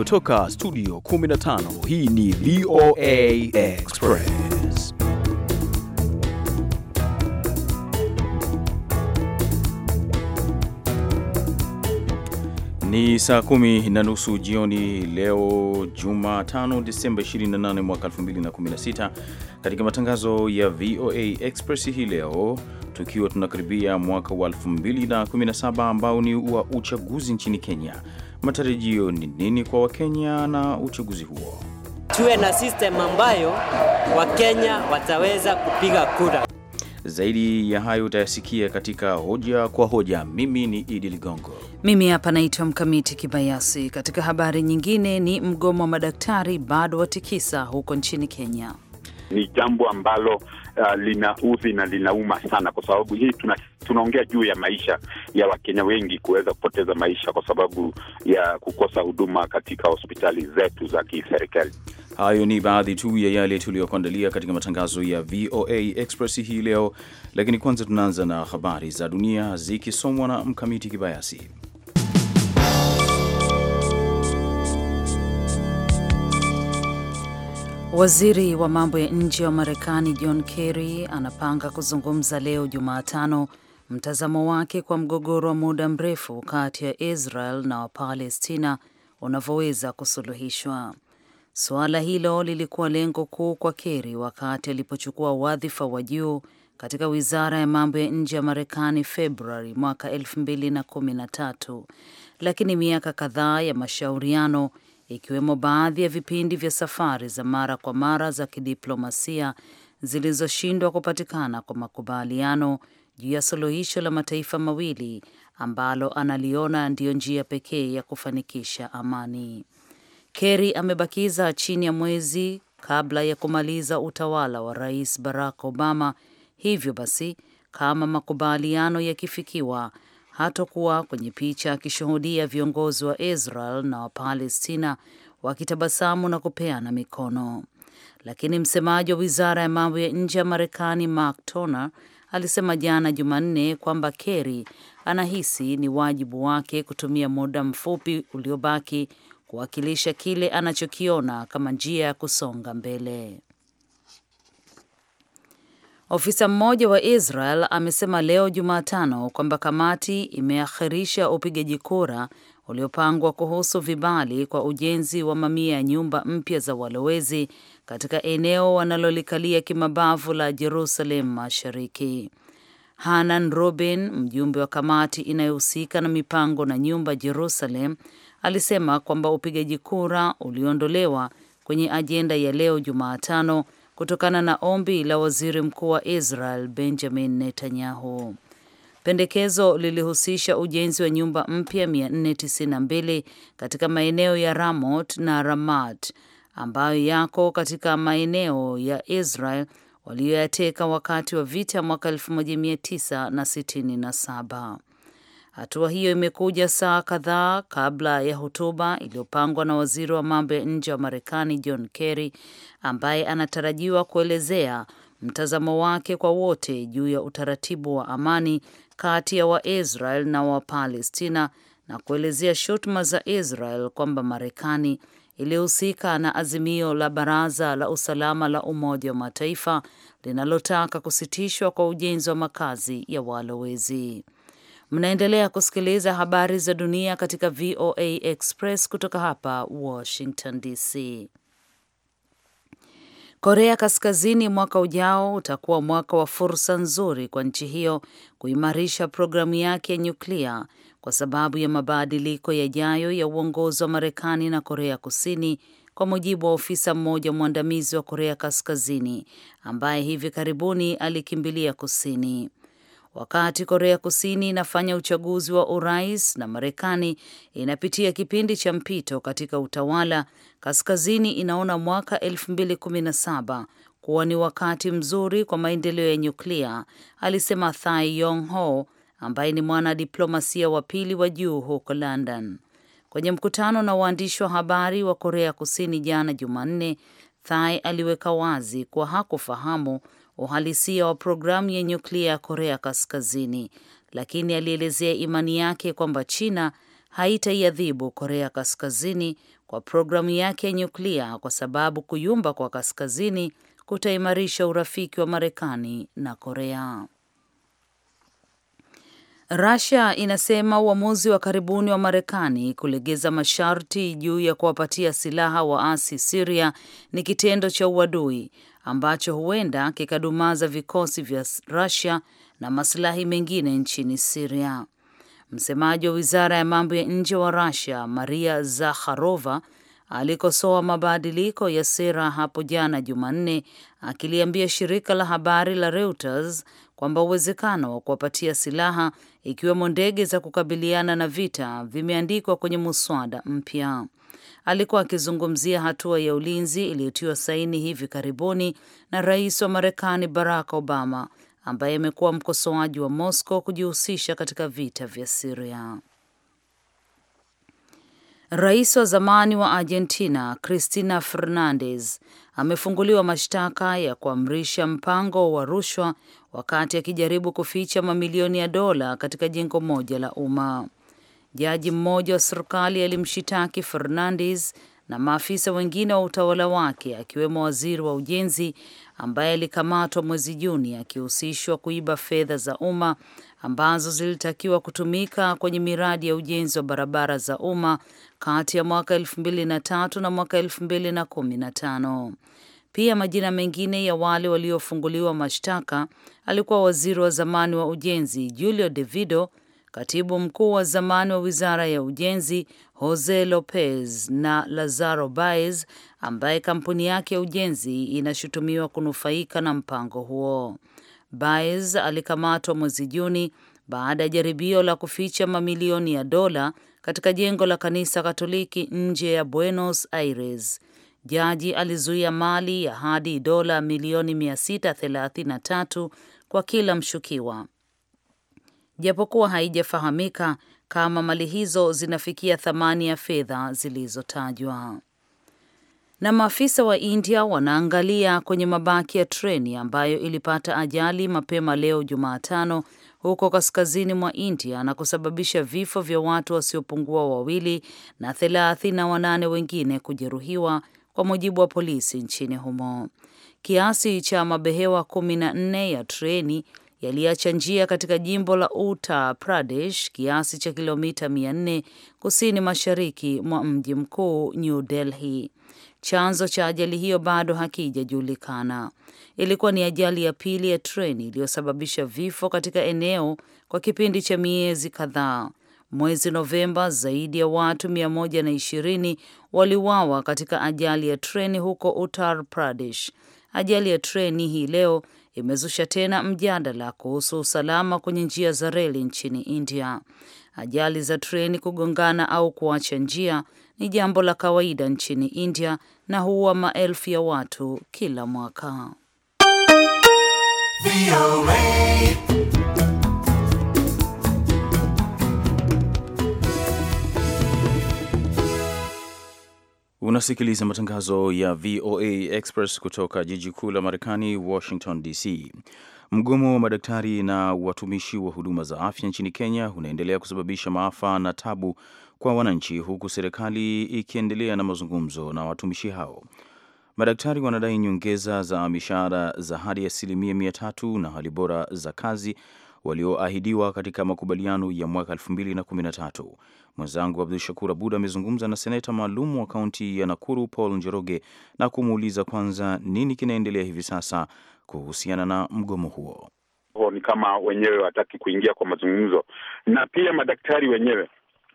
Kutoka studio 15 hii ni VOA Express. Ni saa kumi na nusu jioni leo Jumatano, Disemba 28 mwaka 2016. Katika matangazo ya VOA Express hii leo, tukiwa tunakaribia mwaka wa 2017 ambao ni wa uchaguzi nchini Kenya. Matarajio ni nini kwa Wakenya na uchaguzi huo? Tuwe na system ambayo Wakenya wataweza kupiga kura. Zaidi ya hayo utayasikia katika hoja kwa hoja. Mimi ni Idi Ligongo, mimi hapa naitwa Mkamiti Kibayasi. Katika habari nyingine, ni mgomo wa madaktari bado watikisa huko nchini Kenya. Ni jambo ambalo uh, linaudhi na linauma sana, kwa sababu hii tuna tunaongea juu ya maisha ya Wakenya wengi kuweza kupoteza maisha kwa sababu ya kukosa huduma katika hospitali zetu za kiserikali. Hayo ni baadhi tu ya yale tuliyokuandalia katika matangazo ya VOA Express hii leo, lakini kwanza tunaanza na habari za dunia zikisomwa na Mkamiti Kibayasi. Waziri wa mambo ya nje wa Marekani John Kerry anapanga kuzungumza leo jumaatano mtazamo wake kwa mgogoro wa muda mrefu kati ya Israel na Wapalestina unavyoweza kusuluhishwa. Suala hilo lilikuwa lengo kuu kwa Kerry wakati alipochukua wadhifa wa juu katika wizara ya mambo ya nje ya Marekani Februari mwaka 2013, lakini miaka kadhaa ya mashauriano ikiwemo baadhi ya vipindi vya safari za mara kwa mara za kidiplomasia zilizoshindwa kupatikana kwa makubaliano juu ya suluhisho la mataifa mawili ambalo analiona ndiyo njia pekee ya kufanikisha amani. Kerry amebakiza chini ya mwezi kabla ya kumaliza utawala wa Rais Barack Obama. Hivyo basi, kama makubaliano yakifikiwa, hatokuwa kwenye picha akishuhudia viongozi wa Israel na Wapalestina wakitabasamu na kupeana mikono. Lakini msemaji wa wizara ya mambo ya nje ya Marekani Mark Toner alisema jana Jumanne kwamba Kerry anahisi ni wajibu wake kutumia muda mfupi uliobaki kuwakilisha kile anachokiona kama njia ya kusonga mbele. Ofisa mmoja wa Israel amesema leo Jumatano kwamba kamati imeakhirisha upigaji kura uliopangwa kuhusu vibali kwa ujenzi wa mamia ya nyumba mpya za walowezi katika eneo wanalolikalia kimabavu la Jerusalem Mashariki. Hanan Robin, mjumbe wa kamati inayohusika na mipango na nyumba Jerusalem, alisema kwamba upigaji kura uliondolewa kwenye ajenda ya leo Jumatano kutokana na ombi la waziri mkuu wa Israel Benjamin Netanyahu. Pendekezo lilihusisha ujenzi wa nyumba mpya 492 katika maeneo ya Ramot na Ramat ambayo yako katika maeneo ya Israel waliyoyateka wakati wa vita mwaka 1967. Hatua hiyo imekuja saa kadhaa kabla ya hotuba iliyopangwa na waziri wa mambo ya nje wa Marekani John Kerry ambaye anatarajiwa kuelezea mtazamo wake kwa wote juu ya utaratibu wa amani kati ya Waisrael na Wapalestina na kuelezea shutuma za Israel kwamba Marekani iliyohusika na azimio la Baraza la Usalama la Umoja wa Mataifa linalotaka kusitishwa kwa ujenzi wa makazi ya walowezi. Mnaendelea kusikiliza habari za dunia katika VOA Express kutoka hapa Washington DC. Korea Kaskazini mwaka ujao utakuwa mwaka wa fursa nzuri kwa nchi hiyo kuimarisha programu yake ya nyuklia kwa sababu ya mabadiliko yajayo ya uongozi wa Marekani na Korea Kusini, kwa mujibu wa ofisa mmoja mwandamizi wa Korea Kaskazini ambaye hivi karibuni alikimbilia kusini. Wakati Korea Kusini inafanya uchaguzi wa urais na Marekani inapitia kipindi cha mpito katika utawala, Kaskazini inaona mwaka 2017 kuwa ni wakati mzuri kwa maendeleo ya nyuklia, alisema Thai Yong Ho, ambaye ni mwanadiplomasia wa pili wa juu huko London. Kwenye mkutano na waandishi wa habari wa Korea Kusini jana Jumanne, Thai aliweka wazi kuwa hakufahamu uhalisia wa programu ya nyuklia ya Korea Kaskazini, lakini alielezea imani yake kwamba China haitaiadhibu Korea Kaskazini kwa programu yake ya nyuklia kwa sababu kuyumba kwa Kaskazini kutaimarisha urafiki wa Marekani na Korea. Russia inasema uamuzi wa karibuni wa Marekani kulegeza masharti juu ya kuwapatia silaha waasi Syria ni kitendo cha uadui ambacho huenda kikadumaza vikosi vya Russia na masilahi mengine nchini Syria. Msemaji wa Wizara ya Mambo ya Nje wa Russia, Maria Zakharova, alikosoa mabadiliko ya sera hapo jana Jumanne akiliambia shirika la habari la Reuters kwamba uwezekano wa kuwapatia silaha ikiwemo ndege za kukabiliana na vita vimeandikwa kwenye muswada mpya. Alikuwa akizungumzia hatua ya ulinzi iliyotiwa saini hivi karibuni na rais wa Marekani Barack Obama, ambaye amekuwa mkosoaji wa Moscow kujihusisha katika vita vya Siria. Rais wa zamani wa Argentina Cristina Fernandez amefunguliwa mashtaka ya kuamrisha mpango wa rushwa wakati akijaribu kuficha mamilioni ya dola katika jengo moja la umma. Jaji mmoja wa serikali alimshitaki Fernandes na maafisa wengine wa utawala wake akiwemo waziri wa ujenzi ambaye alikamatwa mwezi Juni akihusishwa kuiba fedha za umma ambazo zilitakiwa kutumika kwenye miradi ya ujenzi wa barabara za umma kati ya mwaka 2003 na mwaka tano Pia majina mengine ya wale waliofunguliwa mashtaka alikuwa waziri wa zamani wa ujenzi Julio De Vido, katibu mkuu wa zamani wa wizara ya ujenzi Jose Lopez na Lazaro Baez ambaye kampuni yake ya ujenzi inashutumiwa kunufaika na mpango huo. Baez alikamatwa mwezi Juni baada ya jaribio la kuficha mamilioni ya dola katika jengo la kanisa Katoliki nje ya Buenos Aires. Jaji alizuia mali ya hadi dola milioni 633 kwa kila mshukiwa, japokuwa haijafahamika kama mali hizo zinafikia thamani ya fedha zilizotajwa na maafisa wa India wanaangalia kwenye mabaki ya treni ambayo ilipata ajali mapema leo Jumatano huko kaskazini mwa India na kusababisha vifo vya watu wasiopungua wawili na thelathini na wanane wengine kujeruhiwa kwa mujibu wa polisi nchini humo. Kiasi cha mabehewa kumi na nne ya treni yaliacha njia katika jimbo la Uttar Pradesh, kiasi cha kilomita mia nne kusini mashariki mwa mji mkuu New Delhi. Chanzo cha ajali hiyo bado hakijajulikana. Ilikuwa ni ajali ya pili ya treni iliyosababisha vifo katika eneo kwa kipindi cha miezi kadhaa. Mwezi Novemba, zaidi ya watu 120 waliuawa katika ajali ya treni huko Uttar Pradesh. Ajali ya treni hii leo imezusha tena mjadala kuhusu usalama kwenye njia za reli nchini India. Ajali za treni kugongana au kuacha njia ni jambo la kawaida nchini India na huua maelfu ya watu kila mwaka. Unasikiliza matangazo ya VOA Express kutoka jiji kuu la Marekani, Washington DC. Mgomo wa madaktari na watumishi wa huduma za afya nchini Kenya unaendelea kusababisha maafa na tabu kwa wananchi, huku serikali ikiendelea na mazungumzo na watumishi hao. Madaktari wanadai nyongeza za mishahara za hadi asilimia mia tatu na hali bora za kazi walioahidiwa katika makubaliano ya mwaka tatu. Mwenzangu Abdul Shakur Abud amezungumza na seneta maalum wa kaunti ya Nakuru Paul Njoroge na kumuuliza kwanza nini kinaendelea hivi sasa kuhusiana na mgomo huo. Ni kama wenyewe wataki kuingia kwa mazungumzo, na pia madaktari wenyewe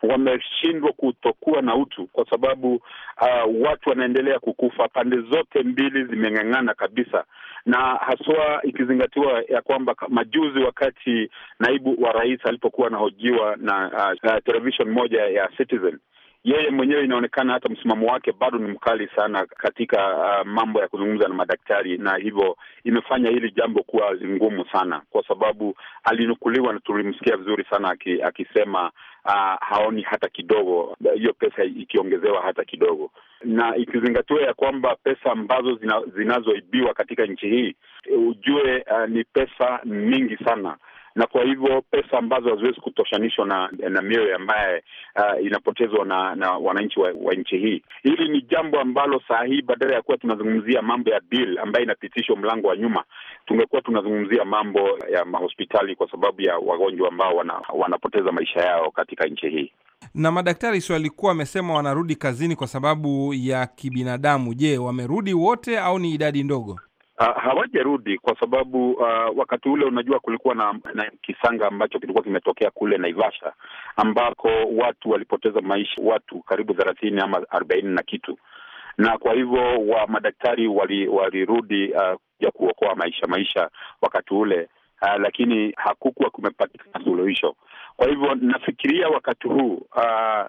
wameshindwa kutokuwa na utu, kwa sababu uh, watu wanaendelea kukufa. Pande zote mbili zimeng'ang'ana kabisa, na haswa ikizingatiwa ya kwamba majuzi, wakati naibu wa rais alipokuwa anahojiwa na, na uh, uh, moja ya Citizen yeye mwenyewe inaonekana hata msimamo wake bado ni mkali sana katika uh, mambo ya kuzungumza na madaktari, na hivyo imefanya hili jambo kuwa ngumu sana, kwa sababu alinukuliwa na tulimsikia vizuri sana aki, akisema uh, haoni hata kidogo hiyo pesa ikiongezewa hata kidogo, na ikizingatiwa ya kwamba pesa ambazo zina, zinazoibiwa katika nchi hii ujue, uh, ni pesa mingi sana na kwa hivyo pesa ambazo haziwezi kutoshanishwa na, na mioyo ambaye uh, inapotezwa na, na wananchi wa, wa nchi hii. Hili ni jambo ambalo saa hii badala ya kuwa tunazungumzia mambo ya bill ambayo inapitishwa mlango wa nyuma, tungekuwa tunazungumzia mambo ya mahospitali kwa sababu ya wagonjwa ambao wana, wanapoteza maisha yao katika nchi hii na madaktari sio walikuwa wamesema wanarudi kazini kwa sababu ya kibinadamu. Je, wamerudi wote au ni idadi ndogo? Uh, hawajarudi kwa sababu uh, wakati ule unajua, kulikuwa na, na kisanga ambacho kilikuwa kimetokea kule Naivasha ambako watu walipoteza maisha, watu karibu thelathini ama arobaini na kitu, na kwa hivyo wa madaktari walirudi wali ah, kuja uh, kuokoa maisha maisha wakati ule uh, lakini hakukuwa kumepatikana suluhisho. Kwa hivyo nafikiria wakati huu uh,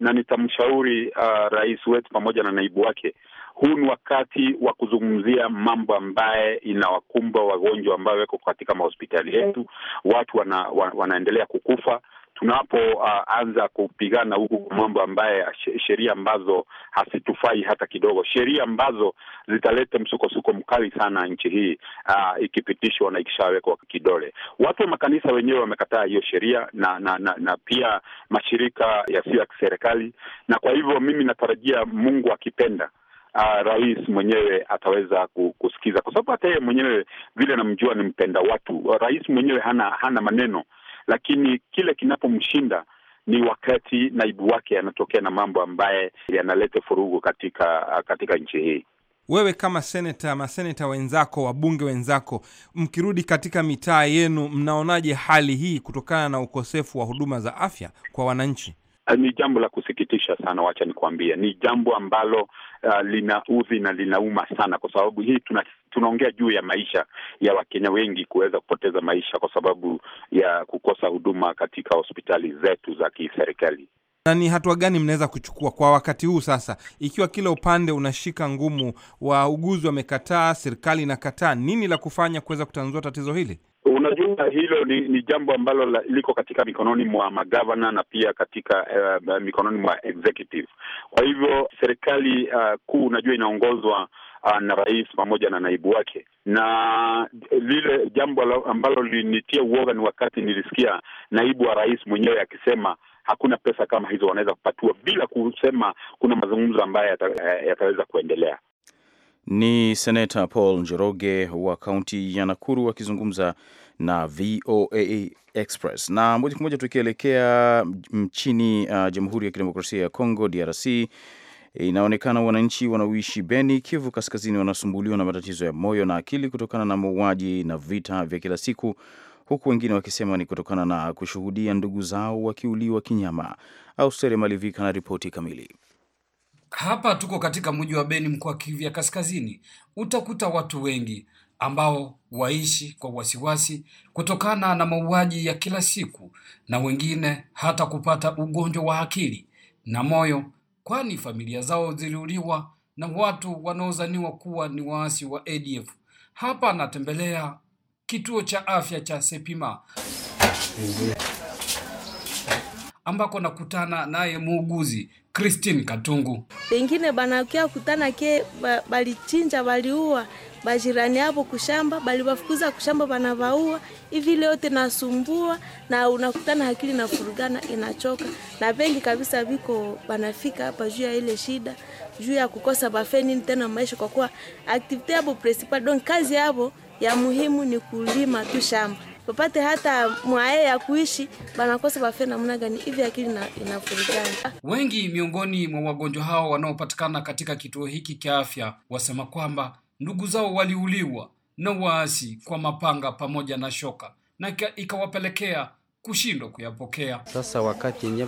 na nitamshauri uh, rais wetu pamoja na naibu wake huu ni wakati wa kuzungumzia mambo ambaye inawakumba wagonjwa ambayo weko katika mahospitali eh. yetu, watu wana, wana, wanaendelea kukufa tunapoanza uh, kupigana huku kwa mambo ambaye sheria ambazo hazitufai hata kidogo, sheria ambazo zitaleta msukosuko mkali sana nchi hii uh, ikipitishwa na ikishawekwa kidole. Watu wa makanisa wenyewe wamekataa hiyo sheria na na, na na pia mashirika yasiyo ya kiserikali, na kwa hivyo mimi natarajia Mungu akipenda uh, rais mwenyewe ataweza kusikiza, kwa sababu hata yeye mwenyewe vile namjua ni mpenda watu. Rais mwenyewe hana hana maneno, lakini kile kinapomshinda ni wakati naibu wake anatokea na mambo ambaye yanaleta furugu katika katika nchi hii. Wewe kama seneta, maseneta wenzako, wabunge wenzako, mkirudi katika mitaa yenu, mnaonaje hali hii kutokana na ukosefu wa huduma za afya kwa wananchi? Eh, ni jambo la kusikitisha sana, wacha nikuambie, ni jambo ambalo uh, eh, linaudhi na linauma sana, kwa sababu hii tuna tunaongea juu ya maisha ya Wakenya wengi kuweza kupoteza maisha kwa sababu ya kukosa huduma katika hospitali zetu za kiserikali. Na ni hatua gani mnaweza kuchukua kwa wakati huu sasa, ikiwa kila upande unashika ngumu, wauguzi wamekataa, serikali inakataa, nini la kufanya kuweza kutanzua tatizo hili? Unajua, hilo ni, ni jambo ambalo la, liko katika mikononi mwa magavana na pia katika uh, mikononi mwa executive. Kwa hivyo serikali uh, kuu unajua inaongozwa uh, na rais pamoja na naibu wake, na lile jambo ambalo linitia uoga ni wakati nilisikia naibu wa rais mwenyewe akisema hakuna pesa kama hizo wanaweza kupatua bila kusema kuna mazungumzo ambayo yataweza kuendelea. Ni senata Paul Njoroge wa kaunti ya Nakuru akizungumza na VOA Express. Na moja kwa moja tukielekea nchini uh, Jamhuri ya Kidemokrasia ya Kongo DRC, inaonekana wananchi wanaoishi Beni, Kivu Kaskazini, wanasumbuliwa na matatizo ya moyo na akili kutokana na mauaji na vita vya kila siku, huku wengine wakisema ni kutokana na kushuhudia ndugu zao wakiuliwa kinyama. Austeri Malivika na ripoti kamili. Hapa tuko katika mji wa Beni, mkoa wa Kivu ya Kaskazini. Utakuta watu wengi ambao waishi kwa wasiwasi kutokana na mauaji ya kila siku, na wengine hata kupata ugonjwa wa akili na moyo, kwani familia zao ziliuliwa na watu wanaozaniwa kuwa ni waasi wa ADF. Hapa anatembelea kituo cha afya cha Sepima ambako nakutana naye muuguzi Christine Katungu. Pengine banakia kutana ke balichinja baliua bajirani hapo kushamba balibafukuza kushamba banavaua hivi leo nasumbua na unakutana akili na furugana inachoka na vengi kabisa viko banafika hapa juu ya ile shida juu ya kukosa bafeni tena maisha kwa kuwa activity hapo principal don kazi hapo ya muhimu ni kulima tu shamba wapate hata mwae ya kuishi, banakosa bafe namna gani hivi, akili inafurikana. Wengi miongoni mwa wagonjwa hao wanaopatikana katika kituo hiki cha afya wasema kwamba ndugu zao waliuliwa na waasi kwa mapanga pamoja na shoka na ikawapelekea kushindwa kuyapokea. Sasa wakati yenye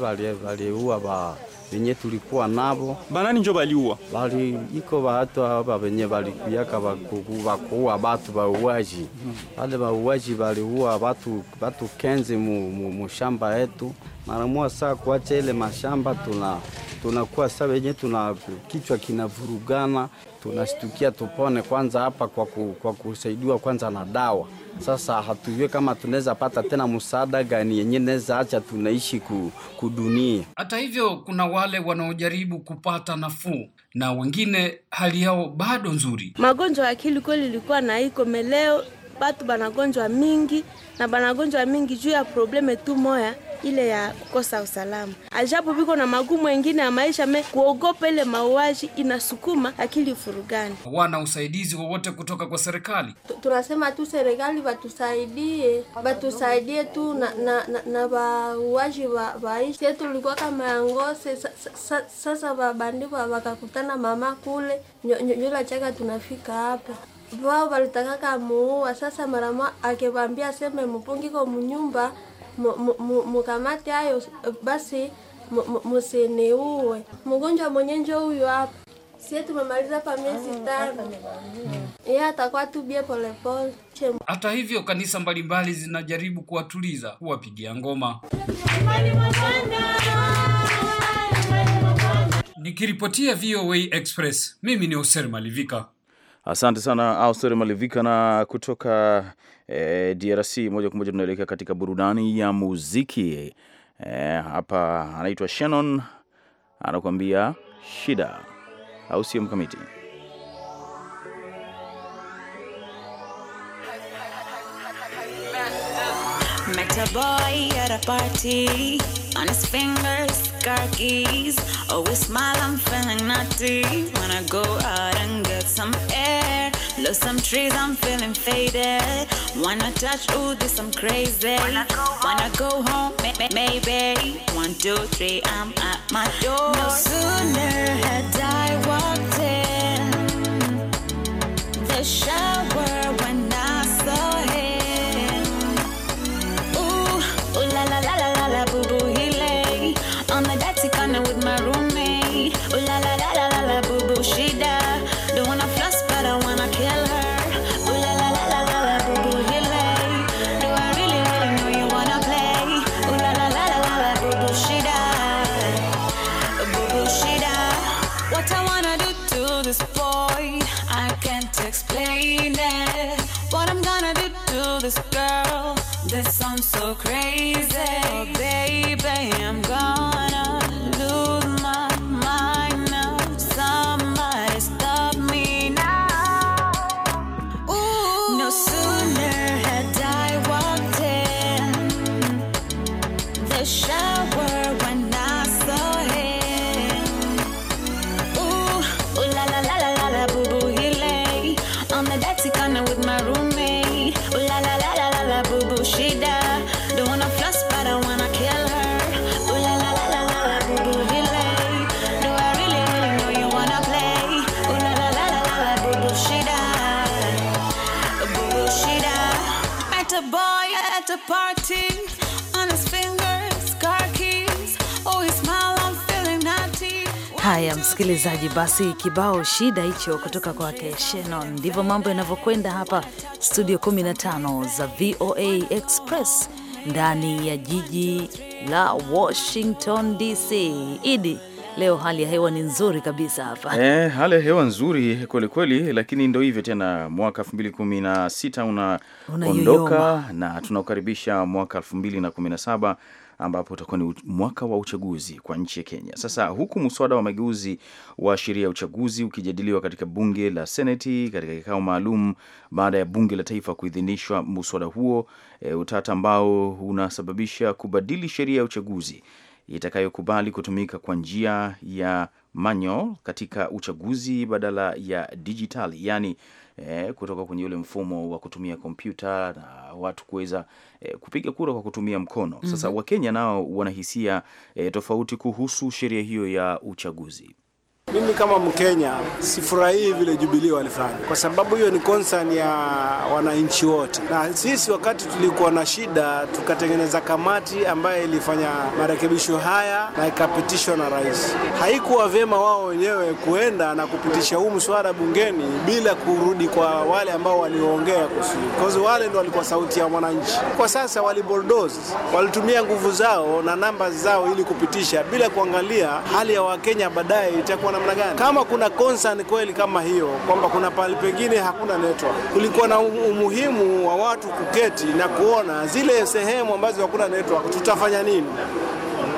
waliua ba venye tulikuwa nabo, banani njo baliua bali iko watu hapa venye balikuyaka bakuua batu bauaji wale bauaji baliua batu batu kenzi mu, mu, mushamba yetu maramua saa kuacha ile mashamba tuna tunakuwa saa venye tuna kichwa kinavurugana tunashtukia tupone kwanza hapa kwa, ku, kwa kusaidiwa kwanza na dawa sasa hatujue kama tunaweza pata tena msaada gani yenye naweza acha tunaishi kudunia. Hata hivyo, kuna wale wanaojaribu kupata nafuu na wengine hali yao bado nzuri. Magonjwa ya akili kweli ilikuwa na iko meleo, batu banagonjwa mingi na banagonjwa mingi juu ya probleme tu moya ile ya kukosa usalama. Ajabu biko na magumu mengine ya maisha me kuogopa ile mauaji inasukuma akili furugani. Wana usaidizi wowote kutoka kwa serikali? Tunasema tu serikali watusaidie watusaidie tu na na, na, na bauaji baishi yetu tulikuwa kama yangose sasa, sasa babandiko wakakutana mama kule nyola chaka tunafika hapa vao valitakaka muua sasa marama akevambia aseme mupungiko munyumba mukamate hayo basi musiniue. Mgonjwa mwenyenjo huyo hapa sie tumemaliza hapa miezi ah, tano, yeye atakuwa tubie polepole. Hata hivyo kanisa mbalimbali zinajaribu kuwatuliza, kuwapigia ngoma. Nikiripotia VOA Express, mimi ni Hoser Malivika. Asante sana Hoser Malivika na kutoka e, eh, DRC. Moja kwa moja tunaelekea katika burudani ya muziki e, hapa anaitwa Shannon anakuambia shida, au sio mkamiti? met a boy at a party. On his fingers, car keys. Always smile, I'm feeling naughty. Wanna go out and get some air. look some trees, I'm feeling faded. Wanna touch, ooh, this I'm crazy. Wanna go home, Wanna go home maybe. One, two, three, I'm at my door. No sooner had I walked in. The shower. Haya msikilizaji, basi kibao shida hicho kutoka kwake Shenon. Ndivyo mambo yanavyokwenda hapa studio 15 za VOA Express ndani ya jiji la Washington DC. Idi, leo hali ya hewa ni nzuri kabisa hapa eh, hali ya hewa nzuri kweli kweli, lakini ndo hivyo tena, mwaka 2016 unaondoka una na tunakukaribisha mwaka 2017 ambapo utakuwa ni mwaka wa uchaguzi kwa nchi ya Kenya. Sasa huku mswada wa mageuzi wa sheria ya uchaguzi ukijadiliwa katika bunge la Seneti katika kikao maalum baada ya bunge la taifa kuidhinishwa mswada huo e, utata ambao unasababisha kubadili sheria ya uchaguzi itakayokubali kutumika kwa njia ya manual katika uchaguzi badala ya dijitali, yaani eh, kutoka kwenye ule mfumo wa kutumia kompyuta na watu kuweza eh, kupiga kura kwa kutumia mkono. Sasa mm -hmm. Wakenya nao wanahisia eh, tofauti kuhusu sheria hiyo ya uchaguzi. Mimi kama Mkenya sifurahii vile Jubilee walifanya, kwa sababu hiyo ni concern ya wananchi wote, na sisi wakati tulikuwa na shida tukatengeneza kamati ambayo ilifanya marekebisho haya na ikapitishwa na rais. Haikuwa vyema wao wenyewe kuenda na kupitisha huu mswada bungeni bila kurudi kwa wale ambao walioongea kuhusu, because wale ndio walikuwa sauti ya mwananchi. Kwa sasa walibulldoze, walitumia nguvu zao na namba zao ili kupitisha bila kuangalia hali ya Wakenya baadaye itakuwa na namna gani? Kama kuna concern kweli kama hiyo kwamba kuna pahali pengine hakuna network, kulikuwa na umuhimu wa watu kuketi na kuona zile sehemu ambazo hakuna network tutafanya nini.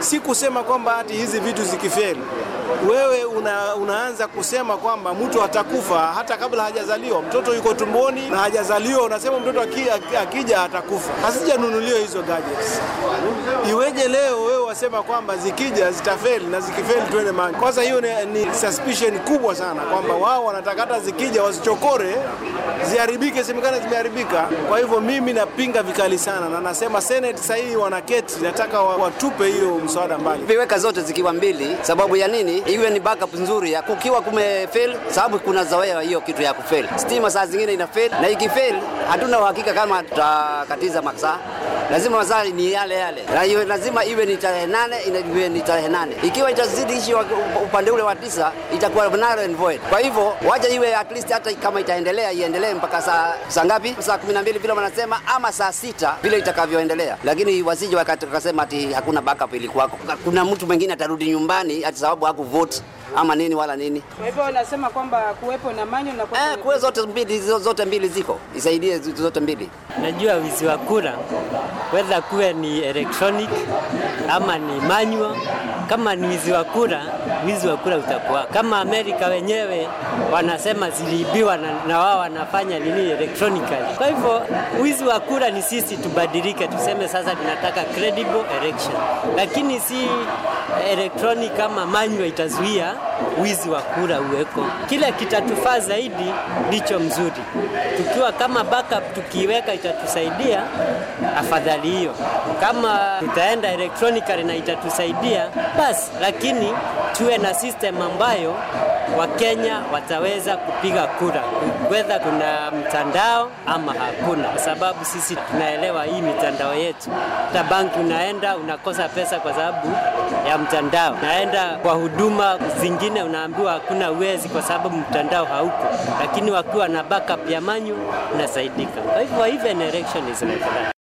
Si kusema kwamba hati hizi vitu zikifeli wewe una, unaanza kusema kwamba mtu atakufa hata kabla hajazaliwa. Mtoto yuko tumboni na hajazaliwa, unasema mtoto akija, akija atakufa. Hazijanunuliwa hizo gadgets, iweje leo wewe wasema kwamba zikija zitafeli na zikifeli tuende maji. Kwanza hiyo ni suspicion kubwa sana kwamba wao wanataka hata zikija wasichokore ziharibike, semekana zimeharibika. Kwa hivyo mimi napinga vikali sana na nasema Senate sasa hii wanaketi, nataka watupe hiyo mswada mbali, viweka zote zikiwa mbili. Sababu ya nini? Iwe ni backup nzuri ya kukiwa kumefail, sababu kuna zawaya hiyo kitu ya kufail. Stima saa zingine ina fail na ikifail hatuna uhakika kama tutakatiza masaa, lazima masaa ni yale yale na lazima iwe ni tarehe nane inajibiwa ni tarehe nane. Ikiwa itazidi hichi upande ule wa tisa itakuwa null and void. Kwa hivyo waje iwe at least, hata kama itaendelea iendelee mpaka saa saa ngapi? Saa kumi na mbili vile wanasema, ama saa sita vile itakavyoendelea, lakini wasije wakasema ati hakuna backup ilikuwako, kuna mtu mwingine atarudi nyumbani ati sababu hakuvote ama nini wala nini. Kwa hivyo nasema kwamba kuwepo na manyo na eh, kuwe zote mbili, zote mbili ziko isaidie zote mbili. Najua wizi wa kura wedha kuwe ni electronic ama ni manyo. Kama ni wizi wa kura, wizi wa kura utakuwa kama Amerika wenyewe wanasema ziliibiwa na, na wao wanafanya nini electronically. Kwa hivyo wizi wa kura ni sisi tubadilike, tuseme sasa tunataka credible election, lakini si elektroni kama manywa itazuia wizi wa kura uweko. Kile kitatufaa zaidi ndicho mzuri, tukiwa kama backup tukiweka itatusaidia afadhali hiyo. Kama tutaenda electronically na itatusaidia basi, lakini tuwe na system ambayo Wakenya wataweza kupiga kura wedha kuna mtandao ama hakuna, kwa sababu sisi tunaelewa hii mitandao yetu. Hata banki unaenda unakosa pesa kwa sababu ya mtandao, naenda kwa huduma zingine unaambiwa hakuna uwezi kwa sababu mtandao hauko, lakini wakiwa na backup ya manyu unasaidika. Kwa hivyo even election is like that.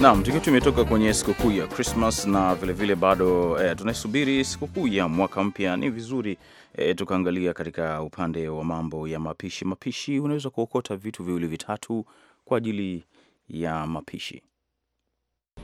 Naam, tukiwa tumetoka kwenye sikukuu ya Christmas na vilevile vile bado e, eh, tunasubiri sikukuu ya mwaka mpya. Ni vizuri e, tukaangalia katika upande wa mambo ya mapishi. Mapishi unaweza kuokota vitu viwili vitatu kwa ajili ya mapishi.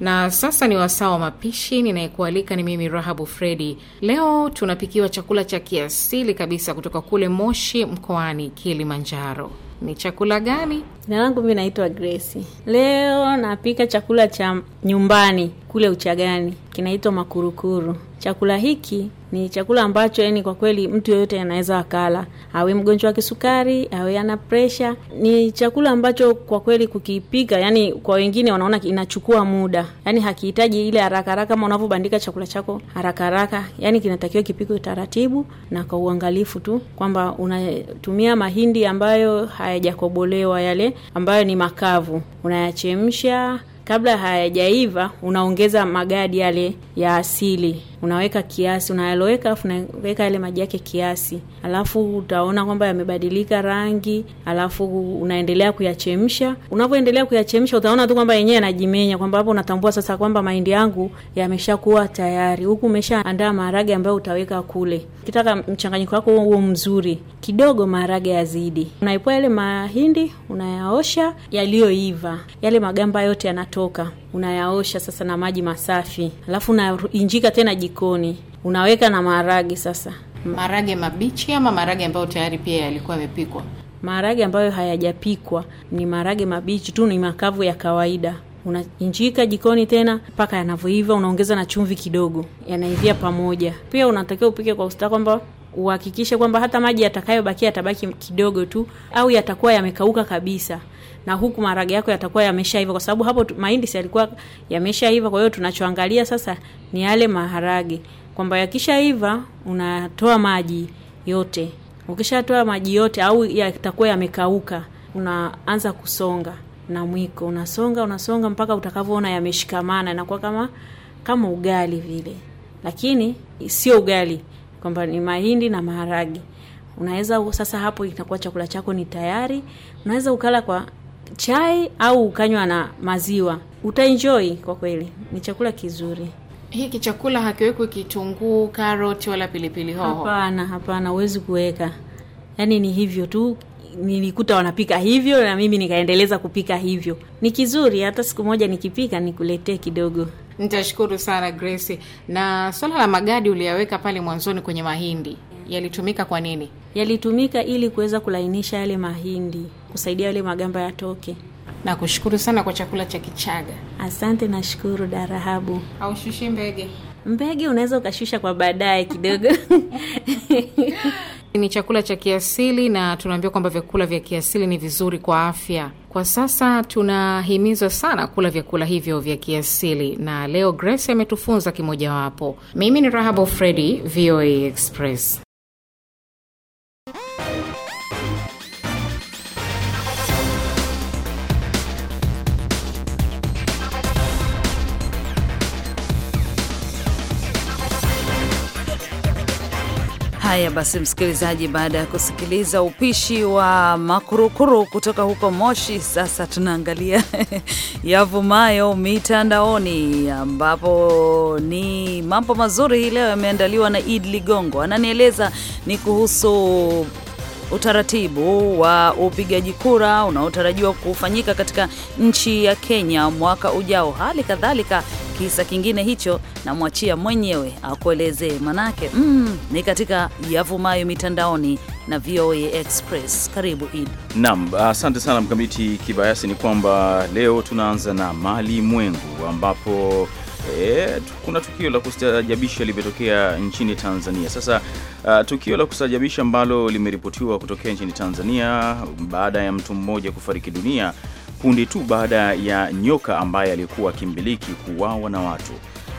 Na sasa ni wasaa wa mapishi. Ninayekualika ni mimi Rahabu Fredi. Leo tunapikiwa chakula cha kiasili kabisa kutoka kule Moshi mkoani Kilimanjaro ni chakula gani? Jina langu mi naitwa Grace. Leo napika chakula cha nyumbani kule Uchagani, kinaitwa makurukuru chakula hiki ni chakula ambacho yani kwa kweli mtu yoyote anaweza akala, awe mgonjwa wa kisukari, awe ana presha. Ni chakula ambacho kwa kweli kukipika, yani kwa wengine wanaona inachukua muda, yani hakihitaji ile haraka haraka kama unavyobandika chakula chako haraka haraka. Yani kinatakiwa kipikwe taratibu na kwa uangalifu tu, kwamba unatumia mahindi ambayo hayajakobolewa, yale ambayo ni makavu, unayachemsha kabla hayajaiva unaongeza magadi yale ya asili, unaweka kiasi, unayaloweka alafu unaweka yale maji yake kiasi, alafu utaona kwamba yamebadilika rangi, alafu unaendelea kuyachemsha. Unavyoendelea kuyachemsha, utaona tu kwamba yenyewe yanajimenya, kwamba hapo unatambua sasa kwamba mahindi yangu yameshakuwa tayari. Huku umeshaandaa maharage ambayo utaweka kule, kitaka mchanganyiko wako huo mzuri, kidogo maharage yazidi. Unaipoa yale mahindi, unayaosha yaliyoiva, yale magamba yote yanatoka, unayaosha sasa na maji masafi, alafu unainjika tena jikoni, unaweka na maharage sasa. Maharage mabichi ama maharage ambayo tayari pia yalikuwa yamepikwa? Maharage ambayo hayajapikwa ni maharage mabichi tu, ni makavu ya kawaida unainjika jikoni tena mpaka yanavyoiva, unaongeza na chumvi kidogo, yanaivia pamoja. Pia unatakiwa upike kwa ustaa kwamba uhakikishe kwamba hata maji yatakayobakia yatabaki kidogo tu au yatakuwa yamekauka kabisa, na huku maharage yako yatakuwa yameshaiva, kwa sababu hapo mahindi yalikuwa yameshaiva. Kwa hiyo tunachoangalia sasa ni yale maharage kwamba yakishaiva unatoa maji yote. Ukishatoa maji yote au yatakuwa yamekauka, unaanza kusonga na mwiko, unasonga unasonga mpaka utakavyoona yameshikamana, inakuwa kama kama ugali vile, lakini sio ugali kwamba ni mahindi na maharage. Unaweza sasa, hapo inakuwa chakula chako ni tayari. Unaweza ukala kwa chai au ukanywa na maziwa, utaenjoy kwa kweli, ni chakula kizuri. Hiki chakula hakiwekwi kitunguu, karoti wala pilipili hoho? Hapana, hapana, huwezi kuweka. Yaani ni hivyo tu, nilikuta wanapika hivyo na mimi nikaendeleza kupika hivyo. Ni kizuri, hata siku moja nikipika nikuletee kidogo. Nitashukuru sana Grace. Na swala la magadi uliyaweka pale mwanzoni kwenye mahindi yalitumika kwa nini? Yalitumika ili kuweza kulainisha yale mahindi, kusaidia yale magamba yatoke. Nakushukuru sana kwa chakula cha Kichaga. Asante, nashukuru Darahabu. Aushushi mbege? Mbege unaweza ukashusha kwa baadaye kidogo ni chakula cha kiasili na tunaambiwa kwamba vyakula vya kiasili ni vizuri kwa afya. Kwa sasa tunahimizwa sana kula vyakula hivyo vya kiasili, na leo Grace ametufunza kimojawapo. Mimi ni rahabu Fredi, VOA Express. Haya basi, msikilizaji, baada ya kusikiliza upishi wa makurukuru kutoka huko Moshi, sasa tunaangalia yavumayo mitandaoni, ambapo ni mambo mazuri hii leo yameandaliwa na Id Ligongo. Ananieleza ni kuhusu utaratibu wa upigaji kura unaotarajiwa kufanyika katika nchi ya Kenya mwaka ujao. Hali kadhalika Kisa kingine hicho namwachia mwenyewe akuelezee, manake mm, ni katika yavumayo mitandaoni na VOA Express. Karibu Id. Naam, asante sana Mkamiti Kibayasi. Ni kwamba leo tunaanza na mali mwengu ambapo E, kuna tukio la kustajabisha limetokea nchini Tanzania. Sasa uh, tukio la kustajabisha ambalo limeripotiwa kutokea nchini Tanzania baada ya mtu mmoja kufariki dunia punde tu baada ya nyoka ambaye alikuwa akimiliki kuwawa na watu.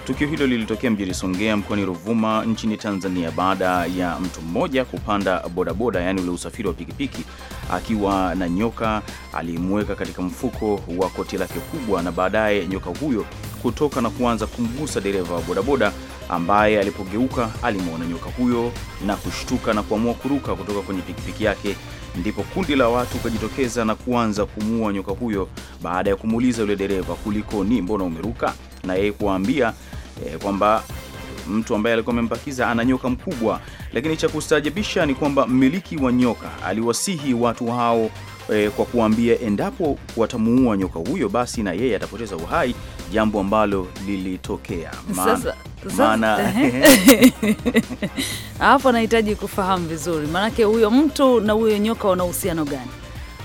Tukio hilo lilitokea mjini Songea mkoani Ruvuma nchini Tanzania baada ya mtu mmoja kupanda bodaboda, yaani ule usafiri wa pikipiki, akiwa na nyoka alimweka katika mfuko wa koti lake kubwa, na baadaye nyoka huyo kutoka na kuanza kumgusa dereva wa bodaboda ambaye alipogeuka alimwona nyoka huyo na kushtuka na kuamua kuruka kutoka kwenye pikipiki yake ndipo kundi la watu ukajitokeza na kuanza kumuua nyoka huyo, baada ya kumuuliza yule dereva kulikoni, mbona umeruka, na yeye kuwaambia eh, kwamba mtu ambaye alikuwa amempakiza ana nyoka mkubwa. Lakini cha kustaajabisha ni kwamba mmiliki wa nyoka aliwasihi watu hao eh, kwa kuambia endapo watamuua nyoka huyo basi na yeye atapoteza uhai jambo ambalo lilitokea maana hapo anahitaji kufahamu vizuri, maanake huyo mtu na huyo nyoka wana uhusiano gani?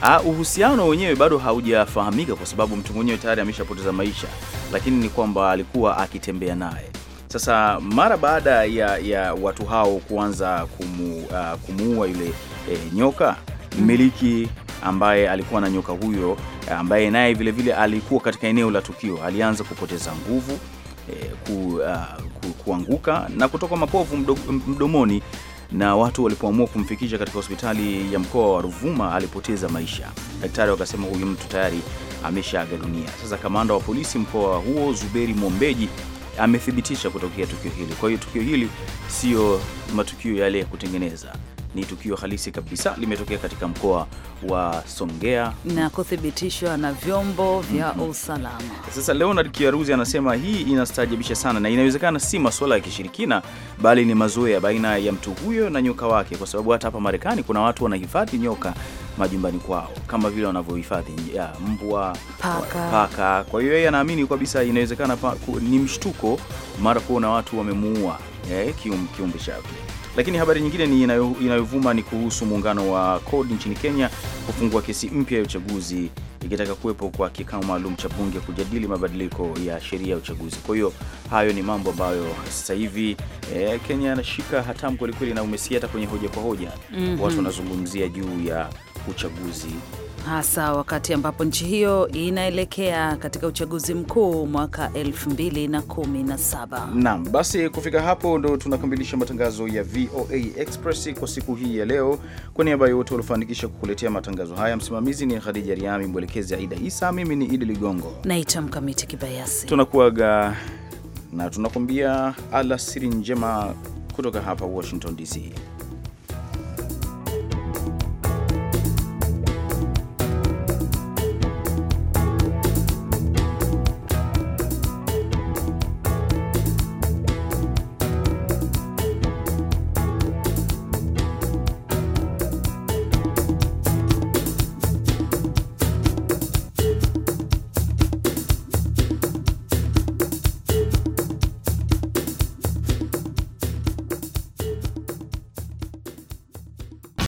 Ah, uhusiano wenyewe bado haujafahamika kwa sababu mtu mwenyewe tayari ameshapoteza maisha, lakini ni kwamba alikuwa akitembea naye. Sasa mara baada ya, ya watu hao kuanza kumu, uh, kumuua yule eh, nyoka mm. mmiliki ambaye alikuwa na nyoka huyo, ambaye naye vilevile alikuwa katika eneo la tukio, alianza kupoteza nguvu eh, ku, uh, ku, kuanguka na kutoka mapovu mdo, mdomoni na watu walipoamua kumfikisha katika hospitali ya mkoa wa Ruvuma alipoteza maisha. Daktari wakasema huyu mtu tayari ameshaaga dunia. Sasa kamanda wa polisi mkoa huo Zuberi Mombeji amethibitisha kutokea tukio hili. Kwa hiyo tukio hili siyo matukio yale ya kutengeneza, ni tukio halisi kabisa, limetokea katika mkoa wa Songea na kuthibitishwa na vyombo vya mm -hmm. usalama. Sasa Leonard Kiaruzi anasema hii inastaajabisha sana na inawezekana si masuala ya kishirikina, bali ni mazoea baina ya mtu huyo na nyoka wake, kwa sababu hata hapa Marekani kuna watu wanahifadhi nyoka majumbani kwao kama vile wanavyohifadhi mbwa, paka, paka. Kwa hiyo yeye anaamini kabisa inawezekana ni mshtuko mara kuona watu wamemuua eh, kiumbe chake. Lakini habari nyingine ni inayovuma ni kuhusu muungano wa CORD nchini Kenya kufungua kesi mpya ya uchaguzi ikitaka kuwepo kwa kikao maalum cha bunge kujadili mabadiliko ya sheria ya uchaguzi. Kwa hiyo hayo ni mambo ambayo sasa hivi e, Kenya anashika hatamu kwelikweli, na umesikia hata kwenye hoja kwa hoja mm -hmm. watu wanazungumzia juu ya uchaguzi hasa wakati ambapo nchi hiyo inaelekea katika uchaguzi mkuu mwaka 2017. Naam, basi kufika hapo ndo tunakamilisha matangazo ya VOA Express kwa siku hii ya leo. Kwa niaba ya wote waliofanikisha kukuletea matangazo haya, msimamizi ni Khadija Riami, mwelekezi Aida Isa, mimi ni Idi Ligongo naita Mkamiti Kibayasi, tunakuaga na tunakuambia alasiri njema kutoka hapa Washington DC.